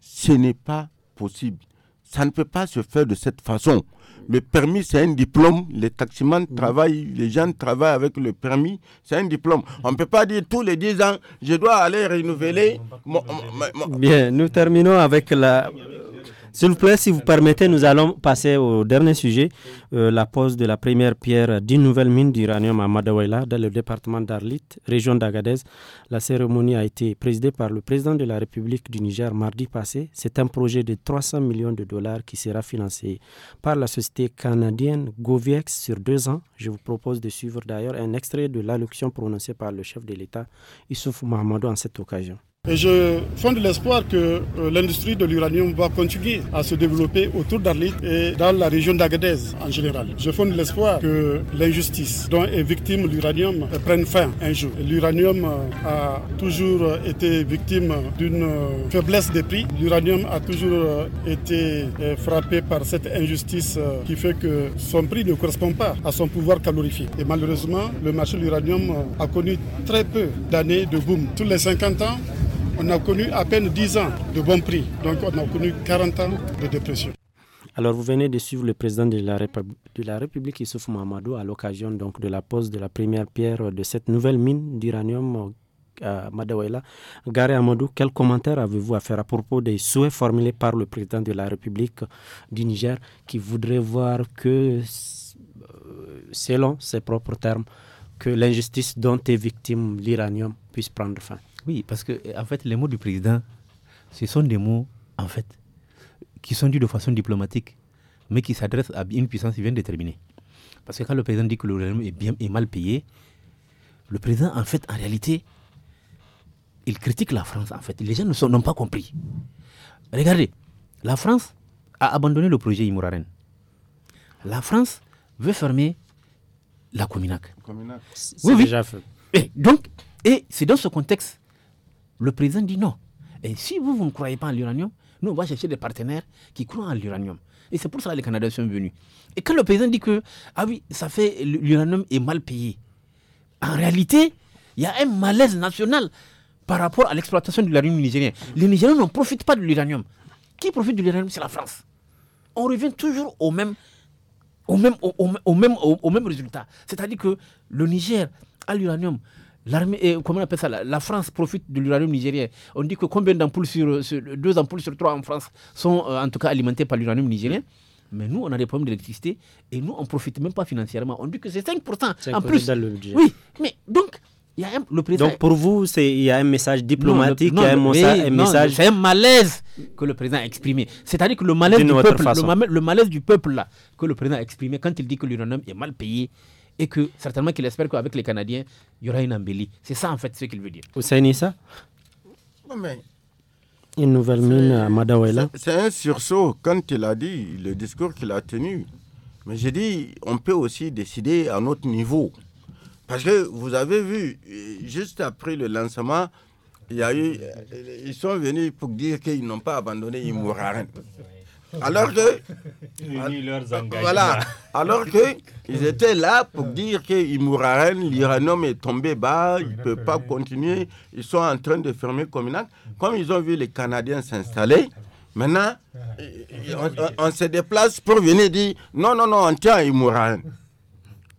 ce n'est pas possible. Ça ne peut pas se faire de cette façon. Le permis, c'est un diplôme. Les taximans mm. travaillent, les gens travaillent avec le permis, c'est un diplôme. Mm. On ne peut pas dire tous les 10 ans, je dois aller renouveler. Bien, nous terminons avec la s'il vous plaît, si vous permettez, nous allons passer au dernier sujet, euh, la pose de la première pierre d'une nouvelle mine d'uranium à Madawela, dans le département d'Arlit, région d'Agadez. La cérémonie a été présidée par le président de la République du Niger mardi passé. C'est un projet de 300 millions de dollars qui sera financé par la société canadienne Goviex sur deux ans. Je vous propose de suivre d'ailleurs un extrait de l'allocution prononcée par le chef de l'État, Issoufou Mahamadou, en cette occasion. Et je fonde l'espoir que euh, l'industrie de l'uranium va continuer à se développer autour d'Arlit et dans la région d'Agadez en général. Je fonde l'espoir que l'injustice dont est victime l'uranium prenne fin un jour. L'uranium euh, a toujours été victime d'une euh, faiblesse des prix. L'uranium a toujours été frappé par cette injustice qui fait que son prix ne correspond pas à son pouvoir calorifique. Et malheureusement, le marché de l'uranium a connu très peu d'années de boom. Tous les 50 ans, on a connu à peine 10 ans de bon prix, donc on a connu 40 ans de dépression. Alors, vous venez de suivre le président de la, République, de la Mamadou, à l'occasion de la pose de la première pierre de cette nouvelle mine d'uranium euh, à Madawela. Gare Amadou, quel commentaire avez-vous à faire à propos des souhaits formulés par le président de la République du Niger qui voudrait voir que, euh, selon ses propres termes, que l'injustice dont est victime l'uranium puisse prendre fin oui, parce que en fait, les mots du président, ce sont des mots en fait qui sont dus de façon diplomatique, mais qui s'adressent à une puissance qui vient déterminer. Parce que quand le président dit que le gouvernement est bien et mal payé, le président en fait, en réalité, il critique la France en fait. Les gens ne n'ont pas compris. Regardez, la France a abandonné le projet Imouraren. La France veut fermer la Cominac. Cominac. Oui, Déjà fait. donc, et c'est dans ce contexte le président dit non. Et si vous, vous ne croyez pas en l'uranium, nous, on va chercher des partenaires qui croient en l'uranium. Et c'est pour ça que les Canadiens sont venus. Et quand le président dit que, ah oui, ça fait, l'uranium est mal payé, en réalité, il y a un malaise national par rapport à l'exploitation de l'uranium nigérien. Les Nigériens n'en profitent pas de l'uranium. Qui profite de l'uranium C'est la France. On revient toujours au même, au même, au, même, au, même résultat. C'est-à-dire que le Niger a l'uranium l'armée, comment on appelle ça, la, France profite de l'uranium nigérien. On dit que combien d'ampoules sur, deux ampoules sur trois en France sont euh, en tout cas alimentées par l'uranium nigérien. Mais nous, on a des problèmes d'électricité et nous, on ne profite même pas financièrement. On dit que c'est 5%, en plus. oui, mais donc, il y a le président... Donc pour vous, il y a un message diplomatique, un, message... C'est un malaise que le président a exprimé. C'est-à-dire que le malaise, du peuple, malaise du peuple que le président a exprimé quand il dit que l'uranium est mal payé, et que certainement qu'il espère qu'avec les Canadiens, il y aura une embellie. C'est ça en fait ce qu'il veut dire. Hussein ça Une nouvelle mine à Madawela C'est un sursaut. Quand il a dit le discours qu'il a tenu, mais j'ai dit, on peut aussi décider à notre niveau. Parce que vous avez vu, juste après le lancement, il y a eu, ils sont venus pour dire qu'ils n'ont pas abandonné Imouraren. Alors que. voilà. Alors que ils étaient là pour dire que Imouraren, l'Iranum est tombé bas, il ne peut pas continuer. Ils sont en train de fermer Cominac. Comme ils ont vu les Canadiens s'installer, maintenant, ah. on, se déplace pour venir dire non, non, non, on tient à Imouraren.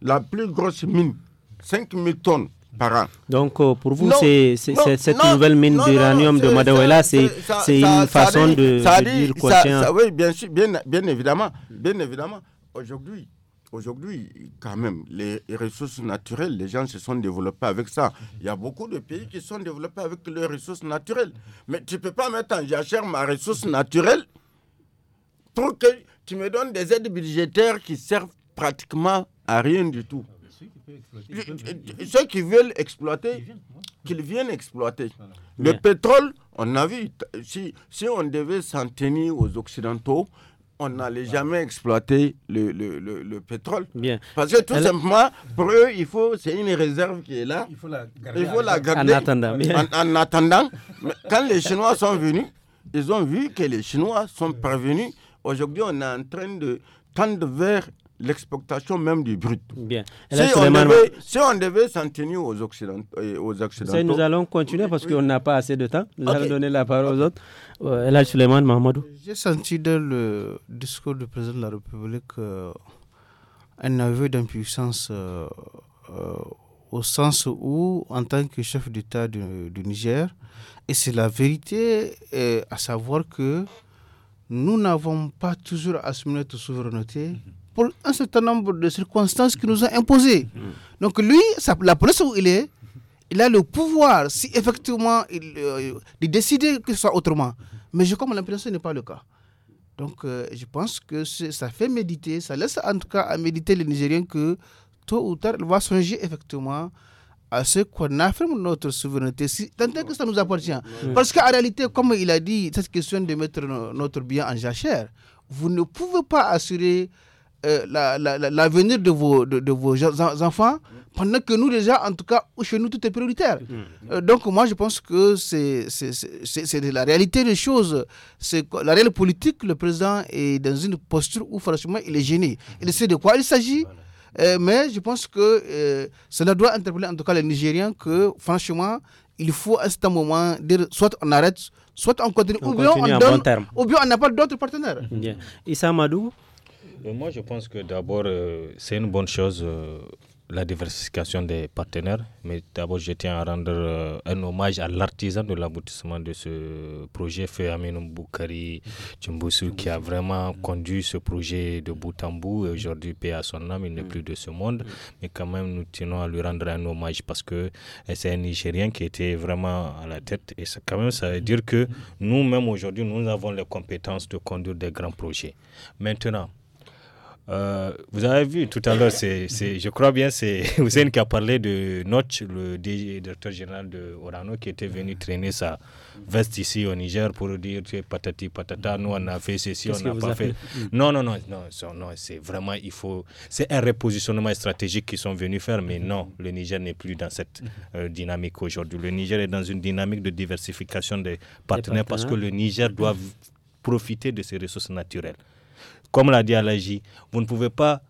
La plus grosse mine, 5000 tonnes donc, euh, pour vous, c'est cette nouvelle mine d'uranium de Madawela, c'est une façon de, dire quoi Oui, bien, sûr, bien, évidemment. Bien évidemment, aujourd'hui, aujourd'hui, quand même, les ressources naturelles, les gens se sont développés avec ça. Il y a beaucoup de pays qui sont développés avec les ressources naturelles. Mais tu ne peux pas mettre en jachère ma ressource naturelle pour que tu me donnes des aides budgétaires qui servent pratiquement à rien du tout. Euh, ceux qui veulent exploiter, qu'ils viennent exploiter. Le pétrole, on a vu, si, si on devait s'en tenir aux Occidentaux, on n'allait jamais exploiter le, le, le, pétrole. Bien. Parce que tout simplement, pour eux, il faut, c'est une réserve qui est là. Il faut la garder. En attendant. en attendant quand les Chinois sont venus, ils ont vu que les Chinois sont parvenus. Aujourd'hui, on est en train de tendre vers l'exploitation même du brut. Bien. Si, on devait, s'en tenir aux euh, Occidentaux. nous allons continuer parce qu'on n'a pas assez de temps. Nous allons donner la parole aux autres. Euh, Mahamadou. J'ai senti dans le discours du président de la République euh, un aveu d'impuissance au sens où, en tant que chef d'État du, Niger, et c'est la vérité, à savoir que nous n'avons pas toujours assumé notre souveraineté. Mhm un certain nombre de circonstances qui nous ont imposées. Donc lui, la police où il est, il a le pouvoir, si effectivement, il, euh, de décider que ce soit autrement. Mais je comme l'impression ce n'est pas le cas. Donc euh, je pense que ça fait méditer, ça laisse en tout cas à méditer les Nigériens que tôt ou tard, il va songer effectivement à ce qu'on affirme notre souveraineté, tant que ça nous appartient. Parce qu'en réalité, comme il a dit, cette question de mettre notre bien en jachère, vous ne pouvez pas assurer euh, l'avenir la, de, vos, de, vos enfants, pendant que nous, déjà, en tout cas, chez nous, tout est prioritaire. Mm. Euh, donc, moi, je pense que c'est la réalité des choses. C'est la réelle politique. Le président est dans une posture où, franchement, il est gêné. Il sait de quoi il s'agit. Euh, mais je pense que cela doit interpeller en tout cas les Nigériens que franchement, il faut à un moment dire soit on arrête, soit on continue, ou, bien on donne, ou, bien on n'a pas d'autres partenaires. Bien. Issa Madou, euh, moi, je pense que d'abord, euh, c'est une bonne chose euh, la diversification des partenaires. Mais d'abord, je tiens à rendre un hommage à l'artisan de l'aboutissement de ce projet, Feu Aminou Boukari qui a vraiment conduit ce projet de bout en bout. Et aujourd'hui, paix à son âme, il n'est plus de ce monde. Mais quand même, nous tenons à lui rendre un hommage parce que c'est un Nigérien qui était vraiment à la tête. Et quand même, ça veut dire que nous-mêmes, aujourd'hui, nous avons les compétences de conduire des grands projets. Maintenant, euh, vous avez vu tout à l'heure, je crois bien, c'est (laughs) Hussein qui a parlé de Notch, le directeur général de Orano, qui était venu traîner sa veste ici au Niger pour dire patati patata, nous on a fait ceci, on n'a pas fait. Mm. Non, non, non, non, non c'est vraiment, il faut. C'est un repositionnement stratégique qu'ils sont venus faire, mais non, le Niger n'est plus dans cette mm-hmm. euh, dynamique aujourd'hui. Le Niger est dans une dynamique de diversification des partenaires. parce que le Niger mm-hmm. doit profiter de ses ressources naturelles. Comme l'a dit Alagi, vous ne pouvez pas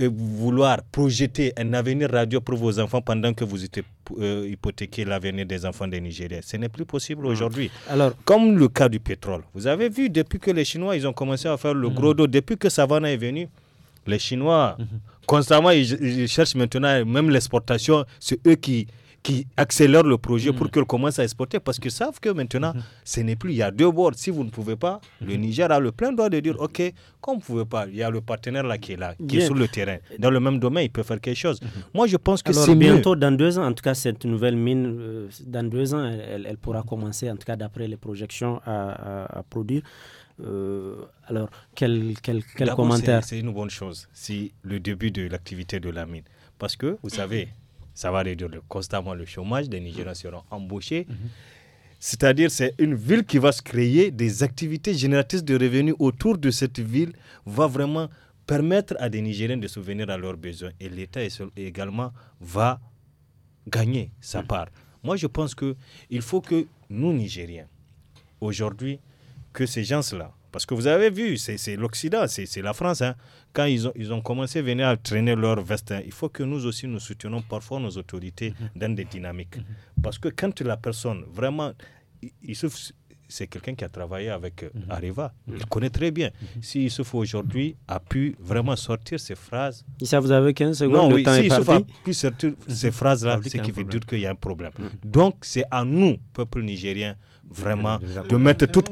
euh, vouloir projeter un avenir radio pour vos enfants pendant que vous euh, hypothéquez l'avenir des enfants des Nigériens. Ce n'est plus possible ah. aujourd'hui. Alors, comme le cas du pétrole, vous avez vu depuis que les Chinois ils ont commencé à faire le mm. gros dos, depuis que Savannah est venu, les Chinois, mm-hmm. constamment, ils, ils, cherchent maintenant, même l'exportation, c'est eux qui, qui accélèrent le projet pour mm. qu'ils commence à exporter parce qu'ils savent que maintenant, mm-hmm. ce n'est plus. Il y a deux bords. Si vous ne pouvez pas, le mm-hmm. Niger a le plein droit de dire OK, comme vous ne pouvez pas, il y a le partenaire là qui est là, qui est sur le terrain. Dans le même domaine, il peut faire quelque chose. Mm-hmm. Moi, je pense que c'est bientôt dans deux ans. En tout cas, cette nouvelle mine, euh, dans deux ans, elle, pourra commencer, en tout cas d'après les projections, à, produire. Euh, alors, quel, quel, quel commentaire C'est une bonne chose, si le début de l'activité de la mine. Parce que, vous (coughs) savez, ça va réduire constamment le chômage, des Nigériens mm. seront embauchés. Mm-hmm. C'est-à-dire, c'est une ville qui va se créer, des activités génératrices de revenus autour de cette ville va vraiment permettre à des Nigériens de souvenir à leurs besoins. Et l'État également va gagner sa mm. part. Moi, je pense qu'il faut que nous, Nigériens, aujourd'hui, que ces gens-là, parce que vous avez vu, c'est l'Occident, c'est la France. Hein. Quand ils ont, ils ont commencé à venir à traîner leur vestin, hein, il faut que nous aussi nous soutenions parfois nos autorités mhm. dans des dynamiques. Mhm. Parce que quand la personne, vraiment, il, c'est quelqu'un qui a travaillé avec euh, mhm. Areva. Il connaît très bien. Si Issouf aujourd'hui a pu vraiment sortir ces phrases. Et ça, vous avez 15 secondes. Non, oui, si Issouf a pu sortir ces phrases-là, c'est qui veut dire qu'il y a un problème. Donc, c'est à nous, peuple nigérien, vraiment de mettre toute,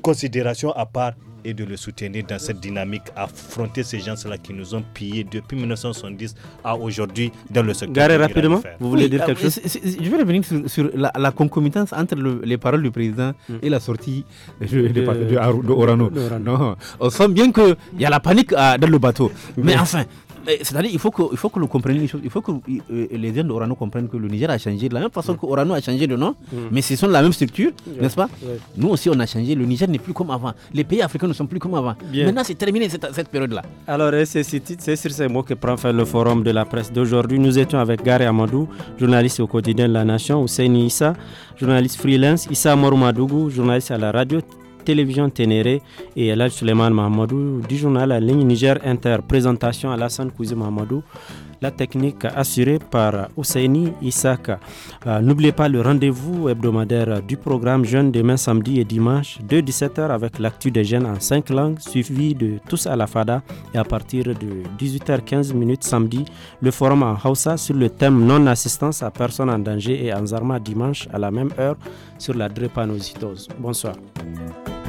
considération à part et de le soutenir dans cette dynamique, affronter ces gens-là qui nous ont pillés depuis 1970 à aujourd'hui dans le secteur. Garé rapidement, vous voulez dire ah, quelque chose Je vais revenir sur, la, la, concomitance entre les paroles du président hmm. et la sortie de, de, de Orano. on sent bien qu'il y a la panique ah, dans le bateau. Mais enfin, eh, c'est-à-dire il faut que, faut que nous comprenions les choses. Il faut que euh, les d'Orano comprennent que le Niger a changé de la même façon mm. que Orano a changé de nom, mm. mais ce sont la même structure, n'est-ce pas Nous aussi, on a changé. Le Niger n'est plus comme avant. Les pays africains ne sont plus comme avant. Maintenant, c'est terminé cette, période-là. Alors, c'est sur ces mots que prend fin le forum de la presse d'aujourd'hui. Nous étions avec Gary Amadou, journaliste au quotidien de La Nation, Ousseini Issa, journaliste freelance, Issa Morumadougou, journaliste à la radio, Télévision Ténéré et Elal Suleiman Mahamadou du journal La Ligne Niger Inter. Présentation à Lassane Kouzi Mahamadou. La technique assurée par Ousseini Isaka. Euh, n'oubliez pas le rendez-vous hebdomadaire du programme Jeunes demain samedi et dimanche de 17h avec l'actu des jeunes en 5 langues suivi de Tous à la Fada et à partir de 18h15 samedi le forum en Hausa sur le thème non-assistance à personnes en danger et en Zarma dimanche à la même heure sur la drépanocytose. Bonsoir.